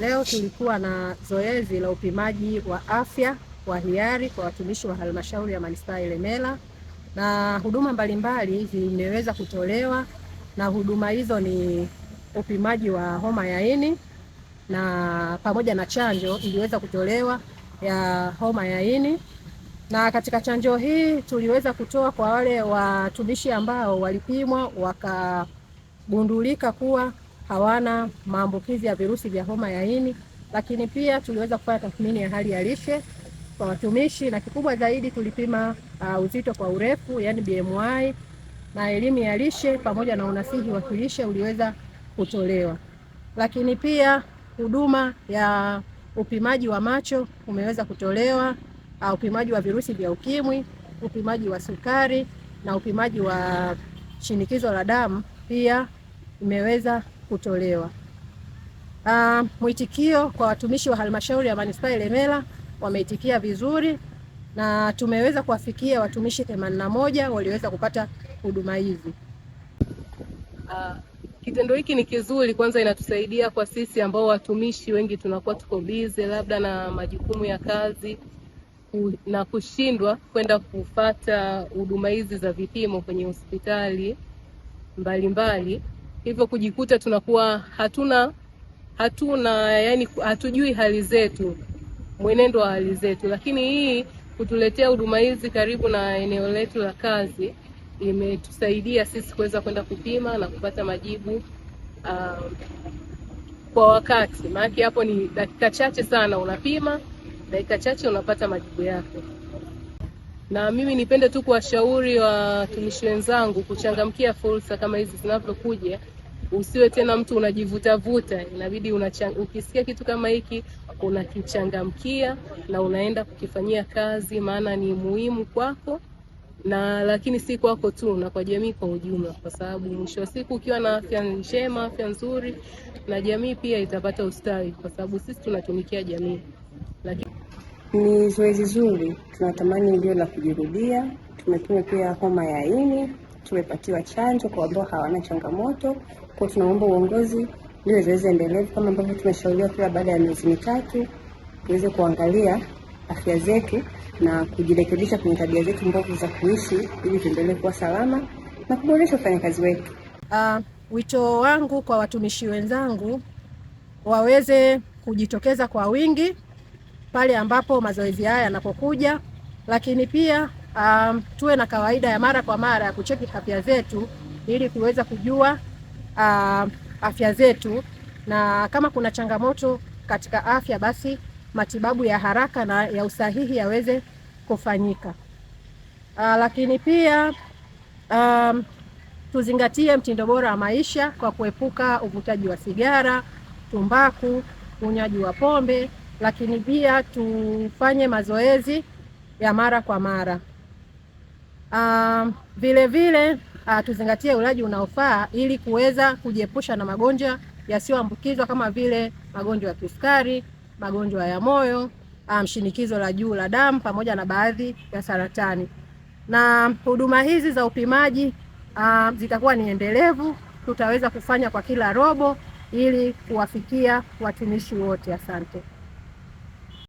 Leo tulikuwa na zoezi la upimaji wa afya wa hiari kwa watumishi wa halmashauri ya manispaa Ilemela na huduma mbalimbali zimeweza kutolewa, na huduma hizo ni upimaji wa homa ya ini na pamoja na chanjo iliweza kutolewa ya homa ya ini. Na katika chanjo hii tuliweza kutoa kwa wale watumishi ambao walipimwa wakagundulika kuwa hawana maambukizi ya virusi vya homa ya ini, lakini pia tuliweza kufanya tathmini ya hali ya lishe kwa watumishi na kikubwa zaidi tulipima uh, uzito kwa urefu, yani BMI na elimu ya lishe pamoja na unasihi wa kilishe uliweza kutolewa, lakini pia huduma ya upimaji wa macho umeweza kutolewa, uh, upimaji wa virusi vya ukimwi, upimaji wa sukari na upimaji wa shinikizo la damu pia imeweza kutolewa. Uh, mwitikio kwa watumishi wa halmashauri ya manispaa Ilemela wameitikia vizuri na tumeweza kuwafikia watumishi 81 walioweza kupata huduma hizi. Uh, kitendo hiki ni kizuri, kwanza inatusaidia kwa sisi ambao watumishi wengi tunakuwa tuko bize labda na majukumu ya kazi na kushindwa kwenda kufata huduma hizi za vipimo kwenye hospitali mbalimbali mbali hivyo kujikuta tunakuwa hatuna hatuna yani, hatujui hali zetu, mwenendo wa hali zetu. Lakini hii kutuletea huduma hizi karibu na eneo letu la kazi imetusaidia sisi kuweza kwenda kupima na kupata majibu um, kwa wakati. Maana hapo ni dakika chache sana unapima, dakika chache unapata majibu yako na mimi nipende tu kuwashauri watumishi wenzangu kuchangamkia fursa kama hizi zinavyokuja. Usiwe tena mtu unajivutavuta, inabidi unachang... ukisikia kitu kama hiki unakichangamkia na unaenda kukifanyia kazi, maana ni muhimu kwako na lakini si kwako tu na kwa jamii kwa ujumla, kwa sababu mwisho wa siku ukiwa na afya njema, afya nzuri, na jamii pia itapata ustawi, kwa sababu sisi tunatumikia jamii. Ni zoezi zuri, tunatamani ndio la kujirudia. Tumepima pia homa ya ini, tumepatiwa chanjo kwa ambao hawana changamoto. Kwa tunaomba uongozi ndio zoezi endelevu kama ambavyo tumeshauriwa kila baada ya miezi mitatu, tuweze kuangalia afya zetu na kujirekebisha kwenye tabia zetu mbovu za kuishi ili tuendelee kuwa salama na kuboresha ufanyakazi wetu. Uh, wito wangu kwa watumishi wenzangu waweze kujitokeza kwa wingi pale ambapo mazoezi haya yanapokuja, lakini pia um, tuwe na kawaida ya mara kwa mara ya kucheki afya zetu ili kuweza kujua uh, afya zetu, na kama kuna changamoto katika afya, basi matibabu ya haraka na ya usahihi yaweze kufanyika. Uh, lakini pia um, tuzingatie mtindo bora wa maisha kwa kuepuka uvutaji wa sigara, tumbaku, unywaji wa pombe lakini pia tufanye mazoezi ya mara kwa mara. Uh, vile vile uh, tuzingatie ulaji unaofaa ili kuweza kujiepusha na magonjwa yasiyoambukizwa kama vile magonjwa ya kisukari, magonjwa ya moyo, um, ah, shinikizo la juu la damu pamoja na baadhi ya saratani. Na huduma hizi za upimaji uh, zitakuwa ni endelevu, tutaweza kufanya kwa kila robo ili kuwafikia watumishi wote. Asante.